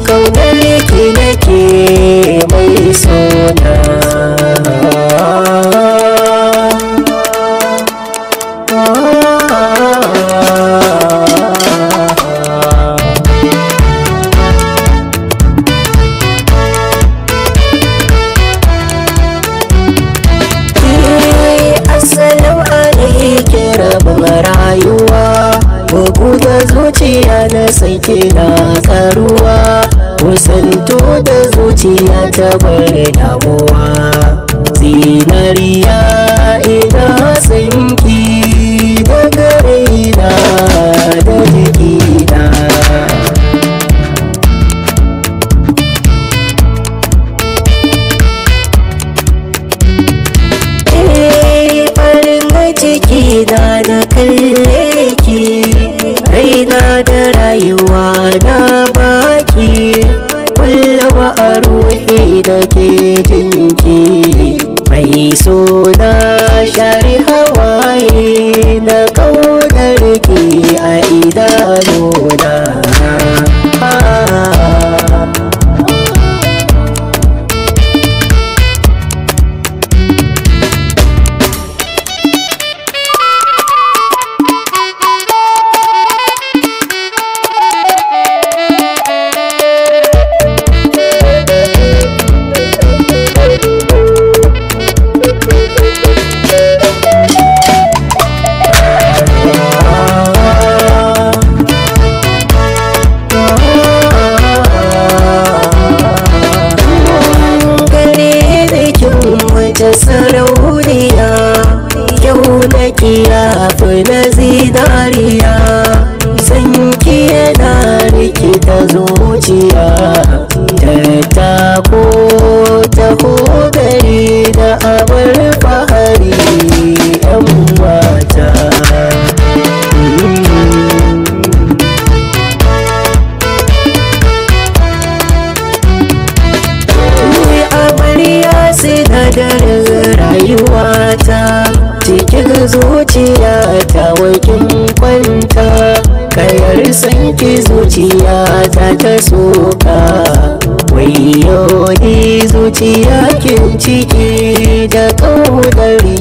kaunar ki nake mai sona rayuwa ku da zuciya na sanke na Tina ta bar damuwa zinariya ina sanki da garina da jikina eh, Ciki na da kalle da ke jinki mai suna shari hawaye na sarauniya yau na kiyafi na zinariya sanki yana rikita zuciya ta ko ta gari da abar fahari yan mata da zuciya ta wakin kwanta kayar sanki zuciya ta ta soka wayo ni zuciya kin ciki da kaudari